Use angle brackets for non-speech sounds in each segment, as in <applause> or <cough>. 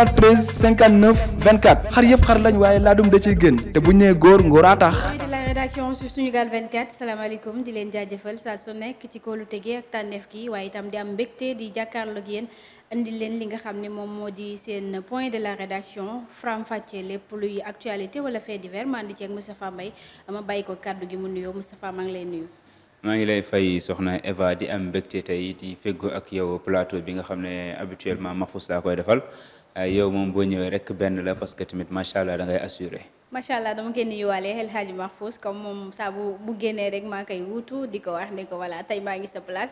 813 59 24 xar yëpp xar lañ waaye laadum da ciy gën te bu ñu nee góor ngóoraa tax. rédaction sur Sunugal 24 salaamaaleykum di leen jaajafal sa su nekk ci kóolu tege ak tànneef gi waaye itam di am mbégte di jàkkaarloog yéen indi leen li nga xam ne moom moo di seen point de la rédaction Fram fàccee lépp luy actualité wala fait divers maa andi ceeg Moustapha Mbaye ama bàyyi ko kàddu gi mu nuyoo Moustapha maa ngi lay nuyu. maa ngi lay fay soxna Eva di am mbégte tey di feggoo ak yow plateau bi nga xam ne habituellement Mahfous laa koy defal. Ah, yow moom boo ñëwee rek benn la parce que tamit macha allah da ngay assuré. macha allah dama koy nuyuwaale El Hadj Mahfouz comme moom saa bu bu génnee rek maa koy wuutu di ko wax ne ko voilà tey maa ngi sa place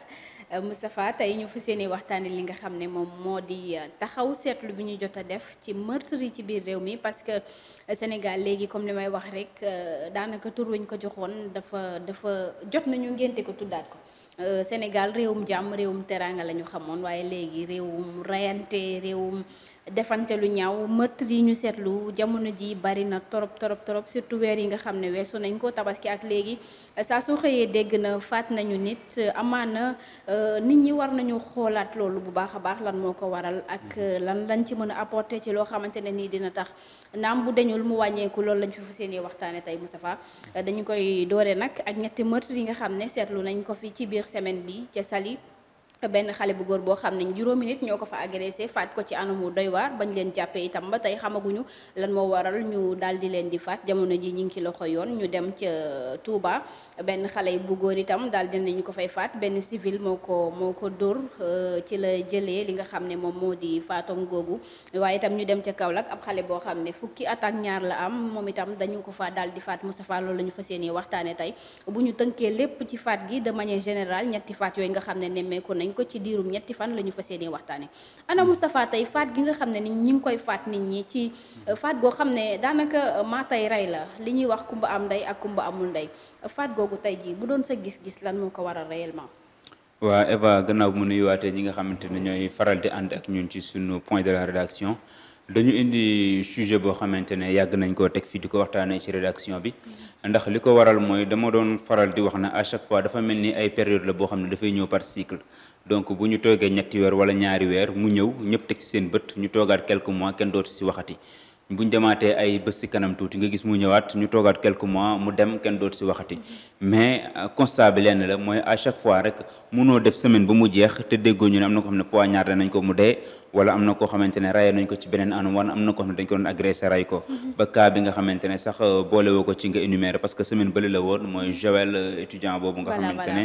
euh, Moustapha tey ñu fas yéene waxtaanee li nga xam ne moom moo di euh, taxaw seetlu bi ñu jot a def ci meurtre yi ci biir réew mi parce que euh, Sénégal léegi comme li may wax rek daanaka tur wi ko joxoon dafa dafa jot nañu ngénte ko tuddaat ko. Sénégal réewum jàmm réewum teraanga la ñu xamoon waaye léegi réewum rayante réewum. defante lu ñaaw meurtre yi ñu seetlu jamono ji bari na torop torop torop surtout weer yi nga xam ne weesu nañ ko tabaski ak léegi saa soo xëyee dégg na faat nañu nit amaana euh, nit ñi war nañu xoolaat loolu bu baax a baax lan moo ko waral ak mhm. euh, lan lañ ci mën a apporter ci loo xamante ne nii dina tax naam bu deñul mu wàññeeku loolu lañ fi fas yéenee waxtaane tey Moustapha mhm. dañu koy doore nag ak ñetti meurtre yi nga xam ne seetlu nañ ko fi ci biir semaine bi ca sali benn xale bu góor boo xam ne juróomi nit ñoo ko fa agressé faat ko ci anamu doy waar bañ leen jàppee itam ba tey xamaguñu lan moo waral ñu daal di leen di faat jamono ji ñu ngi ci loxo yoon ñu dem ca euh, Touba benn xale bu góor itam daal dinañu ko fay faat benn civil moo ko moo ko dóor euh, ci la jëlee li nga xam ne moom moo di faatom googu waaye itam ñu dem ca Kaolack ab xale boo xam ne fukki at ak ñaar la am moom itam dañu ko fa daal di faat Moustapha loolu la ñu fa yéene waxtaane tey bu ñu tënkee lépp ci faat gi de manière générale ñetti faat yooyu nga ni ko ci diirum ñetti fan la ñu fas yéene waxtaane ana Moustapha tey faat gi nga xam ne ni ñi ngi koy faat nit ñi ci euh, faat goo xam ne daanaka euh, maa tey rey la li ñuy wax kumba am ndey ak kumba amul ndey faat googu tey jii bu doon sa gis-gis lan moo ko waral réellement waaw Eva gannaaw mu nuyuwaatee ñi nga xamante ne ñooy faral di ànd ak ñun ci suñu point de la rédaction dañu indi sujet boo xamante ne yàgg nañ koo teg fii di ko waxtaanee ci rédaction bi ndax li ko waral mooy dama doon faral di wax na à chaque fois dafa mel ni ay période la boo xam ne dafay ñëw par cycle donc bu ñu toogee ñetti weer wala ñaari weer mu ñëw ñëpp teg ci seen bët ñu toogaat quelques mois kenn dootu si waxati bu ñu demaatee ay bés ci kanam tuuti nga gis mu ñëwaat ñu toogaat quelques mois mu dem kenn dootu si waxati mais euh, constat bi lenn la mooy à chaque fois rek munoo def semaine ba mu jeex te déggoo ñu ne am na ko xam ne poignard nañ ko mu dee wala am na koo xamante ne raye nañ ko ci beneen anam wala am na koo xam ne dañ ko doon agressé ray ko mhm. ba cas bi nga xamante ne sax euh, boole ci nga énuméré parce que semaine bële la woon mooy Joël euh, étudiant boobu nga xamante ne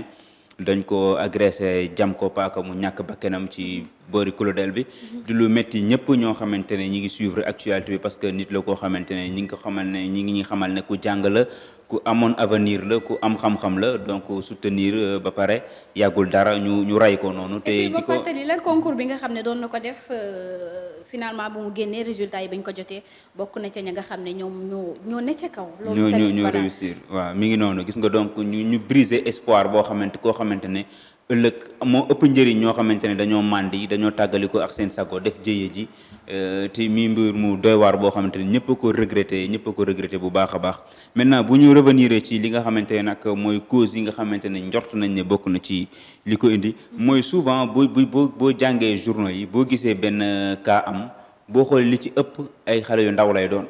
dañ ko agressé jam ko paaka mu ñàkk bakkanam ci boori Clodel bi mhm. di lu métti ñëpp ñoo xamante ne ñi ngi suivre actualité bi parce que nit la koo xamante ne ñi ngi ko xamal ne ñi ngi xamal ne ku jàng la ku amoon avenir la ku am xam-xam la donc soutenir euh, ba pare yàggul dara ñu ñu rey ko noonu. te ci ko fàttali la concours bi nga xam ne doon na ko def euh, finalement bu mu génnee résultat yi bañ ko jotee bokk na ca ña nga xam ne ñoom ñoo ñoo ne ca kaw. loolu tamit ñoo ñoo réussir waaw mi ngi noonu gis nga donc ñu briser espoir boo xamante koo xamante ne. ëllëg moo ëpp njëriñ ñoo xamante ne dañoo màndi dañoo tàggaliko ak seen sago def jëye ji euh, te mii mbir mu doy waar boo xamante ne ñëpp a ko regretté ñëpp ko regretté bu baax a baax maintenant bu ñu revenir ci li nga xamante ne nag mooy cause yi nga xamante ne njort nañ ne bokk na ci li ko indi mooy souvent boo boo boo jàngee journaux yi boo gisee benn euh, cas am boo xoolee li ci ëpp ay xale yu ndaw lay doon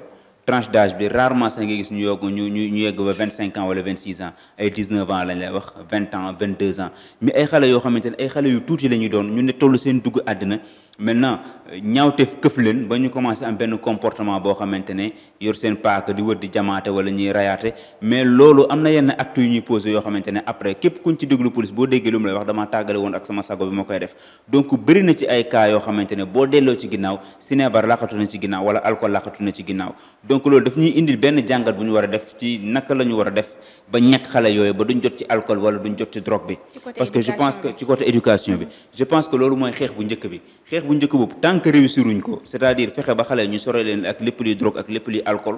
tranche d'âge bi rarement sax nga gis ñu yokk ñu ñu ñu yegg ba vingt cinq ans wala vingt six ans ay dix neuf ans lañ lay wax vingt ans vingt deux ans mais ay xale yoo xamante ne ay xale yu tuuti la ñuy doon ñu ne toll seen dugg àddina maintenant ñaawteef këf leen ba ñu commencé am benn comportement boo xamante ne yor seen paaka di wër di jamaate wala ñuy rayaate mais loolu am na yenn actes yu ñuy posé yoo xamante ne après képp kuñ ci déglu police boo déggee lu mu lay wax damaa tàggale woon ak sama sago bi ma koy def donc bëri na ci ay cas yoo xamante ne boo delloo ci ginnaaw sinébar laqatu na ci ginnaaw wala alcool laqatu na ci ginnaaw donc loolu daf ñuy indil benn jàngat bu ñu war a def ci naka la ñu war a def ba ñett xale yooyu ba duñ jot ci alcool wala duñ jot ci drogue bi parce que je pense que ci côté éducation bi je pense que loolu mooy xeex bu njëkk bi xeex bu njëkk boobu tant que réussiruñ ko c'est-à-dire fexe ba xale ñu sore leen ak lépp luy drogue ak lépp luy alcool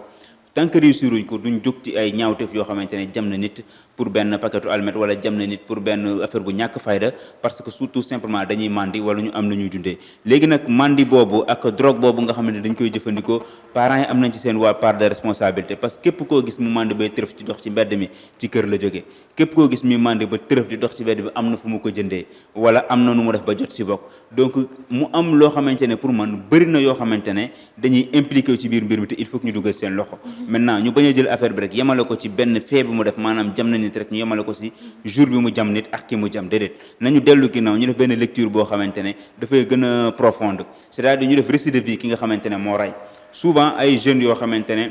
tant que réussir wuñ ko duñ jóg ci ay ñaawteef yoo xamante ne jam na nit pour benn paquetu almet wala jam na nit pour benn affaire bu ñàkk fayda parce que surtout simplement dañuy mandi wala ñu am na ñuy dundee léegi nag mandi boobu ak drogue boobu nga xam ne dañ koy jëfandikoo parent yi am nañ ci seen waa part de responsabilité parce que képp koo gis mu mandi bay tërëf ci dox ci mbedd mi ci kër la jógee képp koo gis mi mandé ba tërëf di dox ci wedd bi am na fu mu ko jëndee wala am na nu mu def ba jot si bokk donc mu am loo xamante ne pour man bëri na yoo xamante ne dañuy impliqué wu ci biir mbir mi te il faut ñu dugal seen loxo mhm. maintenant ñu bañ a jël affaire bi rek yemale ko ci benn fee bi mu def maanaam jam na nit rek ñu yemale ko si jour bi mu jam nit ak ki mu jam déedéet nañu dellu ginnaaw ñu def benn lecture boo xamante ne dafay gën a profonde c'est-à-dire ñu def récit de ki nga xamante ne moo rey souvent ay jeunes yoo xamante ne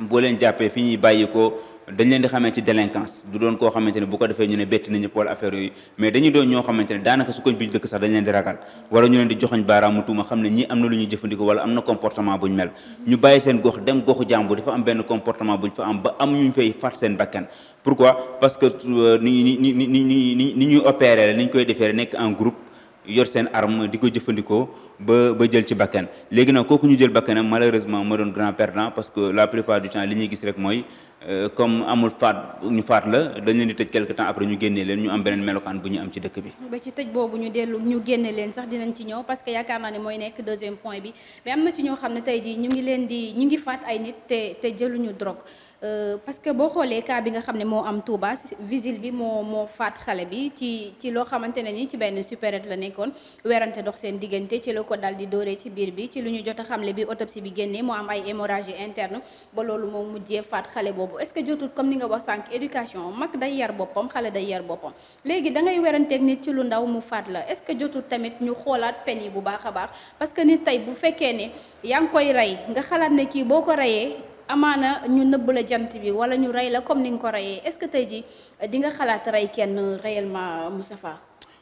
boo leen jàppee fi ñuy bàyyi ko dañ leen di xamee ci délinquance du doon koo xamante ne bu ko defee ñu ne betti nañu wala affaire yooyu mais dañu doon ñoo xamante ne daanaka su koñ bi ñu dëkk sax dañ leen di ragal wala ñu leen di joxoñ baaraamu tuuma xam ne ñi am na lu ñu jëfandikoo wala am na comportement buñ mel ñu bàyyi seen gox dem goxu jàmbur dafa am benn comportement buñ fa am ba am ñu fay faat seen bakkan pourquoi parce que euh, ni ni ni ni ni ni ñuy opéré la ni ñu koy defee nekk en groupe yor seen arme di ko jëfandikoo ba ba jël ci bakkan léegi nag kooku ñu jël bakkanam malheureusement ma doon grand perdant parce que la plupart li ñuy gis rek mooy Euh, comme amul faat ñu faat la dañ leen di tëj quelque temps après ñu génnee leen ñu am beneen melokaan bu ñu am ci dëkk bi. ba ci tëj boobu ñu dellu ñu génne leen sax dinañ ci ñëw parce que yaakaar naa ne mooy nekk deuxième point bi mais am na ci ñoo xam ne tey jii ñu ngi leen di ñu ngi faat ay nit te te jëluñu drogue. Euh, parce que boo xoolee cas bi nga xam ne moo am Touba vigile bi moo moo faat xale bi ci ci loo xamante ne ni ci benn supérette la nekkoon werante dox seen diggante ci la ko dal di dooree ci biir bi ci lu ñu jot a xamle bi autopsie bi génnee moo am ay hémorragie interne ba loolu moo mujjee faat xale boobu est-ce que jotut comme ni nga wax sànq éducation mag day yar boppam xale day yar boppam léegi da ngay weranteeg nit ci lu ndaw mu faat la est-ce que jotut tamit ñu xoolaat peine yi bu baax a baax parce que nit tey bu fekkee ne yaa ngi koy rey nga xalaat ne kii boo ko reyee amaana ñu nëbb la jant bi wala ñu rey la comme ni nga ko reyee est-ce que tey ji euh, di nga xalaat rey kenn réellement Moustapha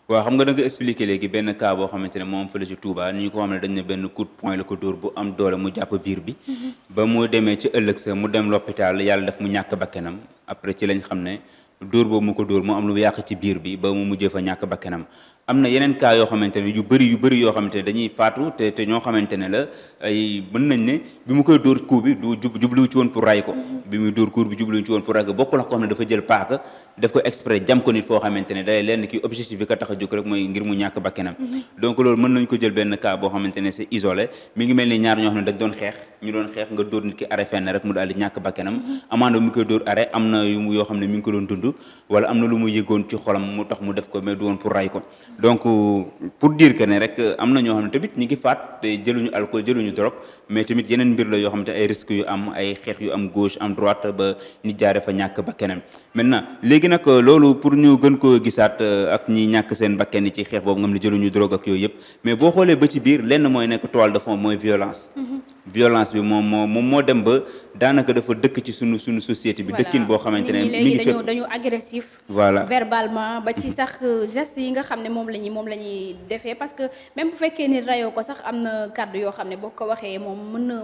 waaw xam nga da nga expliqué léegi benn cas boo xamante ne moom fële ci Touba ñu ko xam ne dañ ne benn coup de la ko dóor bu am doole mu jàpp biir bi mm-hmm. ba mu demee ci ëllëg sa mu dem l'hôpital yàlla daf mu ñàkk bakkenam après ci lañ xam ne dóor boobu mu ko dóor mu am lu yàq ci biir bi ba mu mujjee fa ñàkk bakkanam am na yeneen cas yoo xamante ne yu bëri yu bëri yoo xamante ne dañuy faatu te te ñoo xamante ne la ay mën nañ ne bi mu koy dóor coup bi du jubluwu ci woon pour ray ko mm-hmm. bi muy dóor coup bi jubluwu ci woon pour ray ko bokkul ak ko xam ne dafa jël paaka def ko exprès jam ko nit foo xamante ne day lenn kii objectif bi ko tax a jóg rek mooy ngir mu ñàkk bakkanam mhm. donc loolu mën nañ ko jël benn cas boo xamante ne c'est isolé mi ngi mel ni ñaar ñoo xam ne dañ doon xeex ñu doon xeex nga dóor nit ki arrêt fenn rek mu daal di ñàkk bakkanam mhm. amaana mu koy dóor arrêt am na yoo xam ne mi ngi ko doon dund wala am na lu mu yëgoon ci xolam mu tax mu def ko mais du woon pour ray ko donc euh, pour dire que ne rek euh, am na ñoo xam tamit ñi ngi faat te jëluñu alcool jëluñu drogue mais tamit yeneen mbir la yoo xam xamante ay risques yu am ay xeex yu am gauche am droite ba nit jaare fa ñàkk bakkanam maintenant léegi nag euh, loolu pour ñu gën ko gisaat euh, ak ñi ñàkk seen bakkan yi ci xeex boobu nga xam ne jëluñu drogue ak yooyu yëpp mais boo xoolee ba ci biir lenn mooy nekk toile de fond mooy violence mm-hmm. violence bi moom moo moom moo dem ba daanaka dafa dëkk ci sunu sunu société bi. dëkkin boo xamante ne mi ngi dañu dañu agressif. voilà verbalement ba ci sax euh, geste yi nga xam ne moom la ñuy moom la ñuy defee parce que même bu fekkee ni rayoo ko sax am na kàddu yoo xam ne boo ko waxee moom mën na.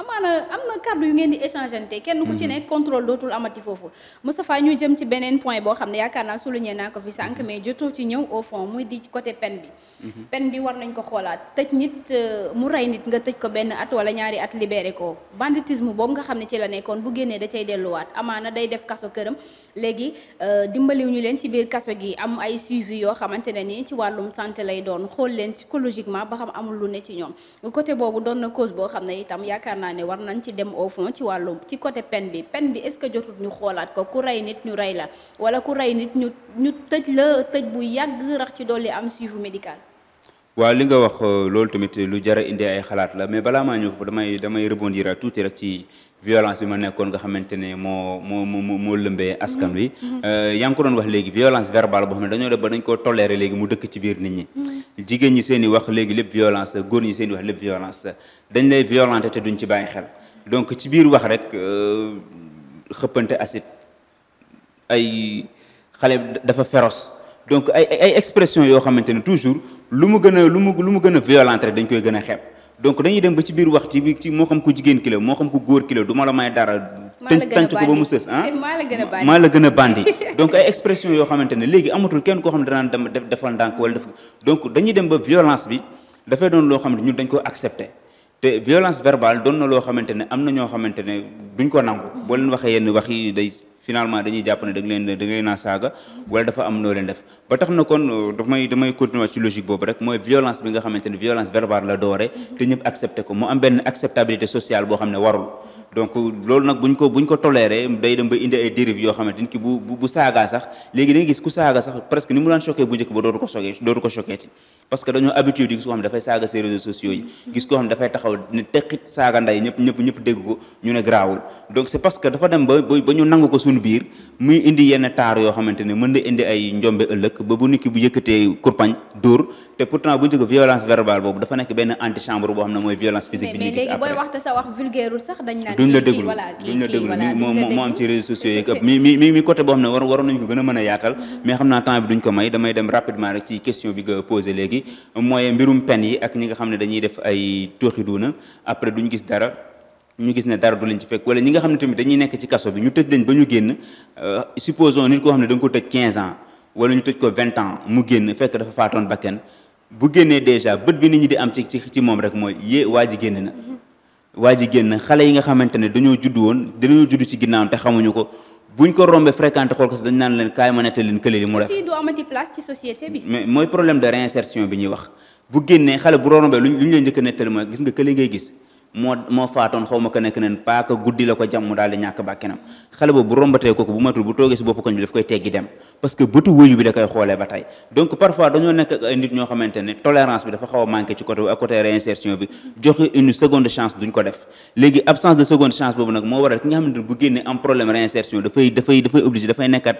amaana am na kàddu yu ngeen di échangeante kenn ku ci mhm. ne contrôle dootul amati foofu Moustapha ñu jëm ci beneen point boo xam ne yaakaar naa souligné naa ko fi sànq mhm. mais jotoo ci ñëw au fond muy di côté peine bi mhm. peine bi war nañ ko xoolaat tëj nit euh, mu rey nit nga tëj ko benn at wala ñaari at libéré ko banditisme boobu nga xam ne ci la nekkoon bu génnee da cay delluwaat amaana day def kaso këram léegi euh, dimbaliw ñu leen ci biir kaso gi am ay suivi yoo xamante ne ni ci wàllum santé lay doon xool leen psychologiquement ba xam amul lu ci ñoom côté boobu doon na cause boo naa ne war nañ ci dem au fond ci wàllu ci côté peine bi pen bi est-ce que jotut ñu xoolaat ko ku rey nit ñu rey la wala ku rey nit ñu ñu tëj la tëj bu yàgg rax ci dolli am suivi médical waaw li nga wax euh, loolu tamit lu jar a ay xalaat la mais balaa maa ñëw damay damay rebondir à tuuti rek ci violence bi ma nekkoon nga xamante ne moo moo moo moo lëmbee askan wi. Mm-hmm. Mm-hmm. Euh, yaa ngi ko doon wax léegi violence verbale boo xam ne dañoo ba dañ koo toléré léegi mu dëkk ci biir nit ñi. Mm-hmm. jigéen ñi seen i wax léegi lépp violence la góor seen i wax lépp dañ lay violenté te duñ ci bàyyi xel donc ci biir wax rek euh, xëppante acide ay xale dafa féroce donc ay ay expression yoo xamante ne toujours. lu mu gën a lu mu lu mu gën a violente rek dañ koy gën a xeeb donc dañuy dem ba ci biir wax ci ci moo xam ko jigéen ki moo xam ku góor kilo la du ma la may dara tënc ko ba mu sës ah <laughs> maa la gën a bandi donc ay expression yoo xamante ne léegi amatul kenn koo xam ne danaan def defal ndànk wala def donc dañuy dem ba violence bi dafay doon loo xam ne ñun dañ ko accepté te violence verbale doon na loo xamante ne am na ñoo xamante ne duñ ko nangu boo leen waxee yenn wax yi day finalement dañuy jàpp ne da nga leen da nga leen a saaga wala dafa am noo leen def ba tax na kon euh, damay damay logique boobu rek mooy violence bi nga xamante ne violence verbale la doore te ñëpp accepté ko mu am benn acceptabilité sociale boo xam ne warul donc loolu nag buñ ko buñ ko toléré day dem ba indi ay dérives yoo xamante ni ki bu bu saagaa sax léegi da gis ku saaga sax presque ni mu daan choqué bu njëkk ba dootu ko choqué dootu ko choqué parce que dañoo habitué di gis koo xam ne dafay saaga ses réseaux sociaux yi gis koo xam ne dafay taxaw ne teqit saaga nday ñëpp ñëpp ñëpp dégg ko ñu ne garaawul donc c'est parce que dafa dem ba ba ñu nangu ko suñu biir muy indi yenn taar yoo xamante ne mën na indi ay njombe ëllëg ba bu nit ki bu yëkkatee kurpañ dóor te pourtant bu njëkk violence verbale boobu dafa nekk benn antichambre boo xam ne mooy violence physique. bi déglu duñ la déglu moo moo am ci réseaux sociaux yi mi mi mi mi côté boo xam ne war a mën a yaatal mm-hmm. mais xam naa may damay dem rapidement rek ci question bi nga posé léegi mooy mbirum nga xam ne dañuy def ay tooxiduuna après duñ gis dara ñu gis ne dara du leen ci fekk wala ñi nga xam ne tamit dañuy nekk ci kaso bi ñu tëj leen ba ñu génn euh, supposons nit koo xam ne da ko tëj 15 ans wala ñu ko 20 ans mu génn fekk dafa faatoon kenn bu génnee déjà bët bi nit ñi di am ci ci ci moom rek mooy yée waa ji génn na waa ji génn xale yi nga xamante ne dañoo judd woon dañoo judd ci ginnaaw te xamuñu ko ñu ko rombé fréquenté xool ko dañ naan leen kaay ma nettali leen kële li mu def aussi du amati place ci société bi. mais mooy problème de réinsertion bi ñuy wax bu génnee xale bu rombé luñ luñ leen njëkk a nettali mooy gis nga kële ngay gis moo moo faatoon xaw ma ko nekk nen paaka guddi la ko jàmm daal di ñàkk bàkkenam xale boobu bu rombatee kooku bu matul bu toogee si bopp koñ bi daf koy teggi dem parce que bëtu wëyu bi da koy xoolee ba tey donc parfois dañoo nekk ay nit ñoo xamante ne tolérance bi dafa xaw a manqué ci côté ak côté réinsertion bi joxe une seconde chance duñ ko def léegi absence de seconde chance boobu nag moo waral ki nga xamante ne bu génnee am problème réinsertion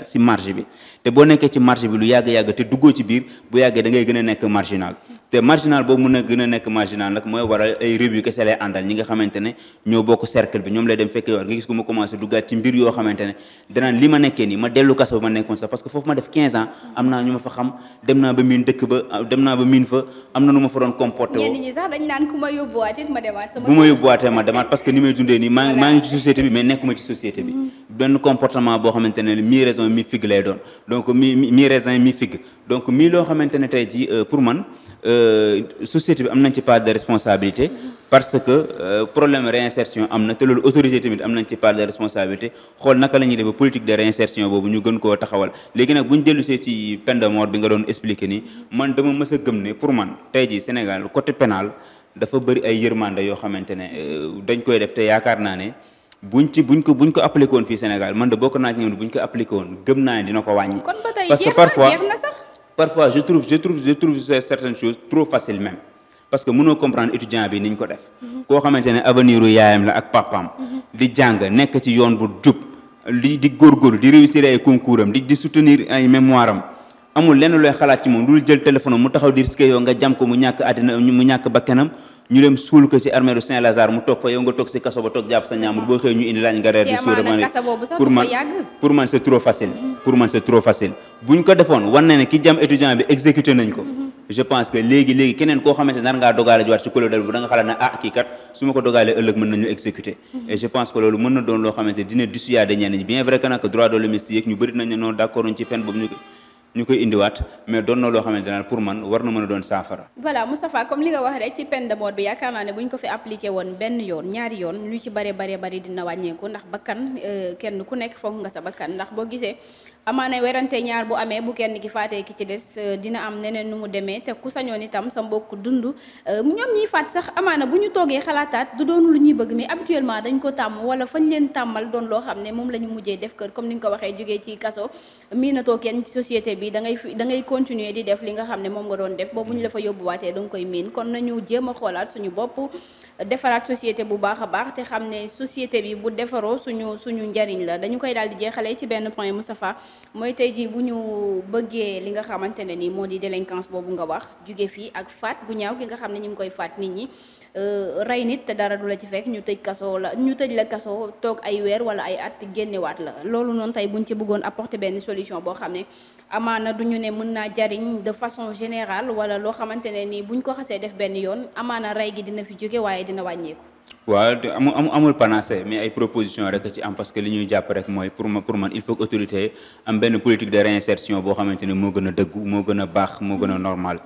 si marge bi te boo nekkee ci marge bi lu yàgg-yàgg te biir bu yàggee da ngay gën a nekk marginal te marginal boobu mën a gën a nekk marginal nag mooy waral ay réew yu kese lay àndal ñi nga xamante ne ñoo bokk cercle bi ñoom lay dem fekk yoon nga gis ko ma ma yóbbuwaatee ma demaat parce que ni may dundee nii maa ngi ci société bi mais nekkuma ci société bi mm-hmm. benn comportement boo xamante ne raison mi figue lay doon donc mi mi raison mi figue donc mii loo xamante tey ji euh, pour man euh, Euh, société bi am nañ ci part de responsabilité parce que euh, problème réinsertion am na te loolu autorité tamit am nañ ci part de responsabilité xool naka la ñuy def ba politique de réinsertion boobu ñu gën koo taxawal léegi nag bu ñu dellusee ci peine de mort bi nga doon expliquer ni man dama mës a gëm ne pour man tey ji Sénégal côté pénal dafa bëri ay yërmande yoo xamante ne euh, dañ koy def te yaakaar naa ne buñ ci buñ ko buñ ko appliqué woon fii Sénégal man da bokk naa ci buñ ko appliqué woon gëm naa dina ko wàññi. parfois je trouve je trouve je trouve certaines choses trop faciles même parce que mënoo comprendre étudiant bi ni ñu ko def. koo xamante ne avenir yaayam la ak papaam. di jàng nekk ci yoon bu jub. di di góor di réussir ay concours di di soutenir ay mémoire am amul lenn looy xalaat ci moom lu jël téléphone mu taxaw di risqué yow nga jam ko mu ñàkk àddina mu ñàkk bakkanam ñu dem suul ko ci armée du Saint-Lazare mu toog fa yow nga toog ci kaso ba toog jàpp sa ñaamur boo xëy ñu indi laaj nga reer di suur ma ko defoon wan ki jam étudiant bi exécuté nañ ko mhm. je pense que léegi léegi keneen koo xamante nar ngaa dogaale jiwaat ci kuréel bu da nga xalaat ne ah kii kat su ma ko dogaalee ëllëg mën nañu exécuter mhm. et je pense que loolu mën na doon loo xamante dina dissuader ñenn ñi bien vrai que nag droit de l'hommiste yéeg ñu bëri nañ noonu d'accord ñu ñu koy indiwaat mais doon na loo xamante ne pour man war na mën a doon saafara. voilà Moustapha comme li nga wax rek ci peine de mort bi yaakaar naa ne bu ñu ko fi appliqué woon benn yoon ñaari yoon lu ci bare bare bari dina wàññeeku ndax bakkan euh, kenn ku nekk foog nga sa bakkan ndax boo gisee amaana werante ñaar bu amee bu kenn ki faatee ki ci des euh, dina am neneen nu mu demee te ku sañoon itam sa mbokk dund euh, ñoom ñiy faat sax amaana bu ñu toogee xalaataat du doon lu ñuy bëgg mi habituellement dañ ko tàmm wala fañ leen tàmmal doon loo xam ne moom lañu ñu mujjee def kër comme ni nga ko waxee jógee ci kaso miinatoo kenn ci société bi da ngay da ngay continuer di def li nga xam ne moom nga doon def boobu ñu la fa yóbbuwaatee danga nga koy miin kon nañu jéem a xoolaat suñu bopp defaraat société bu baax a baax te xam ne société bi bu defaroo suñu suñu njariñ la dañu koy daal di jeexalee ci benn point Moustapha mooy tey jii bu ñu bëggee li nga xamante ne nii moo di délinquance boobu nga wax jóge fii ak faat gu ñaaw gi nga xam ne ñu ngi koy faat nit ñi euh, rey nit te dara du la ci fekk ñu tëj kaso la ñu tëj la kaso toog ay weer wala ay at génnewaat la loolu noonu tey buñ ci bëggoon apporter benn solution boo xam ne amaana du ñu ne mën naa jariñ de façon générale wala loo xamante ne nii buñ ko xasee def benn yoon amaana rey gi dina fi jóge waaye dina wàññeeku. waaw amu amul panacée mais ay proposition rek ci am parce que li ñuy jàpp rek mooy pour ma pour man il faut que autorité am benn politique de réinsertion boo xamante ne moo gën a dëggu moo gën a baax moo gën a normal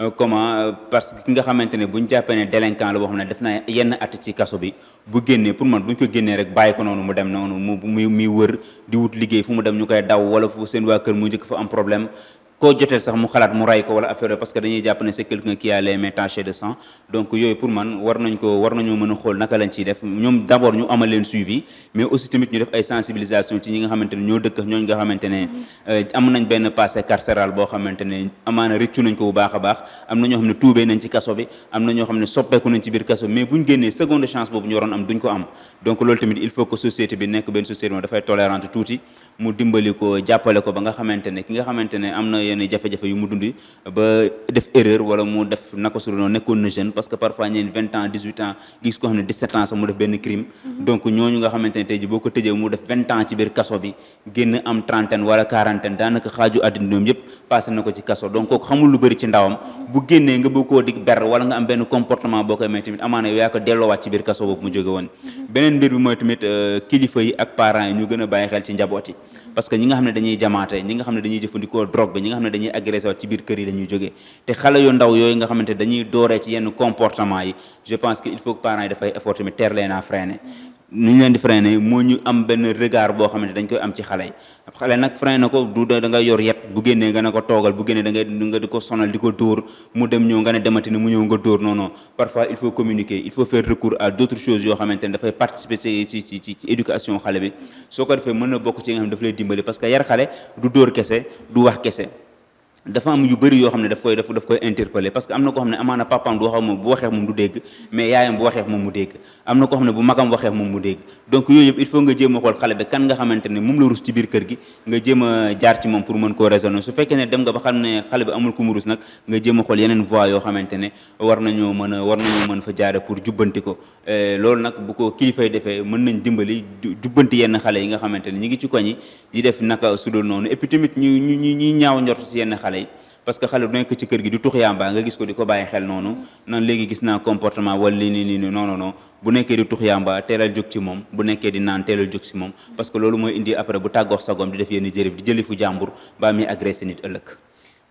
euh, comment euh, parce que ki nga xamante ne bu ñu jàppee ne délinquant la boo xam ne def na yenn at ci kaso bi bu génnee pour man bu ñu ko génnee rek bàyyi ko noonu mu dem noonu mu muy muy wër di wut liggéey fu mu dem ñu koy daw wala fu seen waa kër mu jëkk fa am problème koo jotee sax mu xalaat mu ray ko wala affaire parce que dañuy jàpp ne c'est quelqu'un qui a les mains tachées de sang donc yooyu pour man war nañ ko war nañoo mën xool naka lañ ciy def ñoom d'abord ñu amal leen suivi mais aussi tamit ñu def ne ñoo dëkk ak euh, am nañ benn passé boo xamante ne amaana rëccu nañ ko bu baax a baax am na ñoo xam ne tuubee nañ ci kaso bi am na ñoo xam ne soppeeku nañ ci biir kaso mais buñ génnee seconde chance boobu ñu am duñ ko am donc loolu tamit il faut que société bi nekk benn société moom dafay tolérante tuuti mu dimbali ko jàppale ko ba nga xamante ne ki nga xamante ne am na yenn jafe-jafe yu mu dundi ba def erreur wala mu def naka su noonu nekkoon na jeune parce que parfois ñeen vingt ans dix huit ans gis ko xam ne mhm. ne tey ji boo ko tëjee mu def vingt ans ci biir kaso bi am trentaine wala quarantaine daanaka xaaju àddina ñoom yëpp passé na ko ci kaso donc kooku xamul lu bëri ci ndawam mhm. bu génnee nga bëgg ko dig ber wala nga am benn comportement boo koy may tamit amaana yow yaa ko delloowaat ci biir kaso boobu mu jóge mbir bi mooy tamit euh, kilifa yi ak parents yi ñu gën a xel ci njaboot yi parce que ñi nga xam ne dañuy jamaate ñi nga xam ne dañuy jëfandikoo drogue bi ñi nga xam ne dañuy agressé waat ci biir kër yi la ñuy te xale yu ndaw yooyu nga ne dañuy dooree ci yenn comportement yi je pense que il faut que parents yi dafay effort tamit teer leen a freiner nu ñu leen di freiné moo ñu am benn regard boo xamante dañ koy am ci xale yi xale nag na ko du da nga yor yet bu génnee nga ne ko toogal bu génnee da ngay nga di ko sonal di ko dóor mu dem ñëw nga ne demati ne mu ñëw nga dóor non non parfois il faut communiquer il faut faire recours à d' autres choses yoo xamante dafay participer ci ci ci ci éducation xale bi soo ko defee mën na bokk ci nga xam ne daf dimbali parce que yar xale du dóor kese du wax kese. dafa am yu bëri yoo xam ne daf koy daf koy parce que am na koo xam ne amaana papaam du wax ak moom bu waxee moom du dégg mais yaayam bu waxee moom mu dégg am na koo xam ne bu magam waxee moom mu dégg donc yooyu il faut nga jéem a xale bi kan nga xamante moom la rus ci biir kër gi nga jéem jaar ci moom pour mën koo raisonner su fekkee ne dem nga ba xam ne xale bi amul ku nag nga jéem a xool yeneen voie yoo xamante war nañoo mën mën fa ko eh, loolu nag bu ko kilifay defee mën nañ dimbali jubbanti yenn xale yi nga xamante ne ngi ci koñ yi xale yi parce que xale du nekk ci kër gi di tux yàmba nga gis ko di ko bàyyi xel noonu nan léegi gis naa comportement wala ni ni non non bu nekkee di tux yàmba teelal jóg ci moom bu nekkee di naan teelal jóg ci moom parce que loolu mooy indi après bu tàggoo sagom di def yenn jëli fu jàmbur baa muy agressé nit ëllëg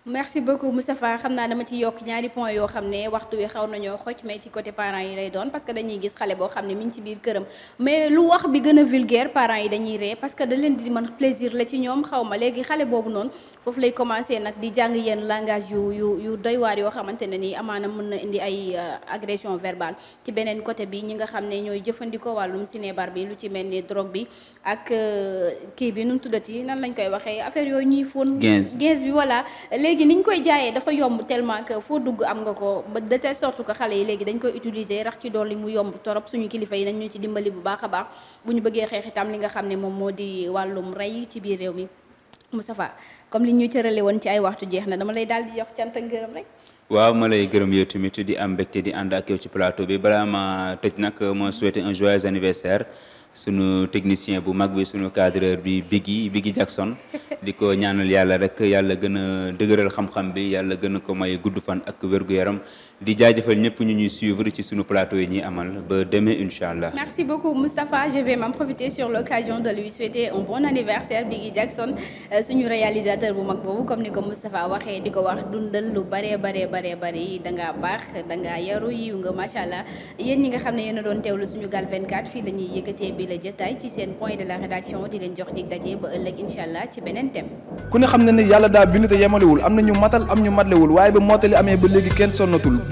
merci beaucoup Moustapha xam naa dama ci yokk ñaari point yoo xam ne waxtu wi xaw nañoo xoj mais ci côté parents yi lay doon parce que dañuy gis xale boo xam ne mi ci biir këram mais lu wax bi gën a vulgaire yi dañuy ree parce que da leen di man plaisir la ci ñoom xaw ma léegi xale boobu noonu foofu lay commencé nag di jàng yenn langage yu yu yu waar yoo xamante ne nii amaana mën na indi ay euh, agression verbale ci beneen côté bi ñi nga xam ne ñooy jëfandikoo wàllum sinébar bi lu ci mel ni drogue bi ak euh, kii bi nu mu tuddati nan lañ koy waxee affaire yooyu ñuy fóon. léegi niñ koy jaayee dafa yomb tellement que foo dugg am nga ko ba te telle sorte xale yi léegi dañ koy utiliser rax ci dolli mu yomb torop suñu kilifa yi nañ ñu ci dimbali bu baax a baax bu ñu bëggee xeex itam li nga xam ne moom moo di wàllum rey ci biir réew mi mu Moustapha comme li ñuy cërale woon ci ay waxtu jeex na dama lay daal di jox cant ak ngërëm rek. waaw ma lay gërëm yow di am mbégte di ànd ak yow ci plateau bi balaa ma tëj nag ma souhaiter un joyeux anniversaire. sunu technicien bu mag bi sunu cadreur bi Biggy Biggy Jackson <laughs> di ko ñaanal yàlla rek yàlla gën a dëgëral xam-xam bi yàlla gën a ko may gudd fan ak wér yaram di jaajëfal ñëpp ñu ñuy suivre ci suñu plateau yi ñuy amal ba deme incha allah. merci beaucoup Moustapha je vais m'en profiter sur l'occasion de lui souhaiter un bon anniversaire Biggy Jackson euh, suñu réalisateur bu mag boobu comme ni ko Moustapha waxee di ko wax dundal lu baree baree baree bari da ngaa baax da ngaa yaru yiw nga macha allah yéen ñi nga xam ne yéen doon doon teewlu suñu gal 24 fii la ñuy bi la jotaay ci seen point de la rédaction di leen jox dig daje ba ëllëg incha na ne yàlla daa bind te yemalewul ñu matal am ñu matlewul waaye ba mottali amee ba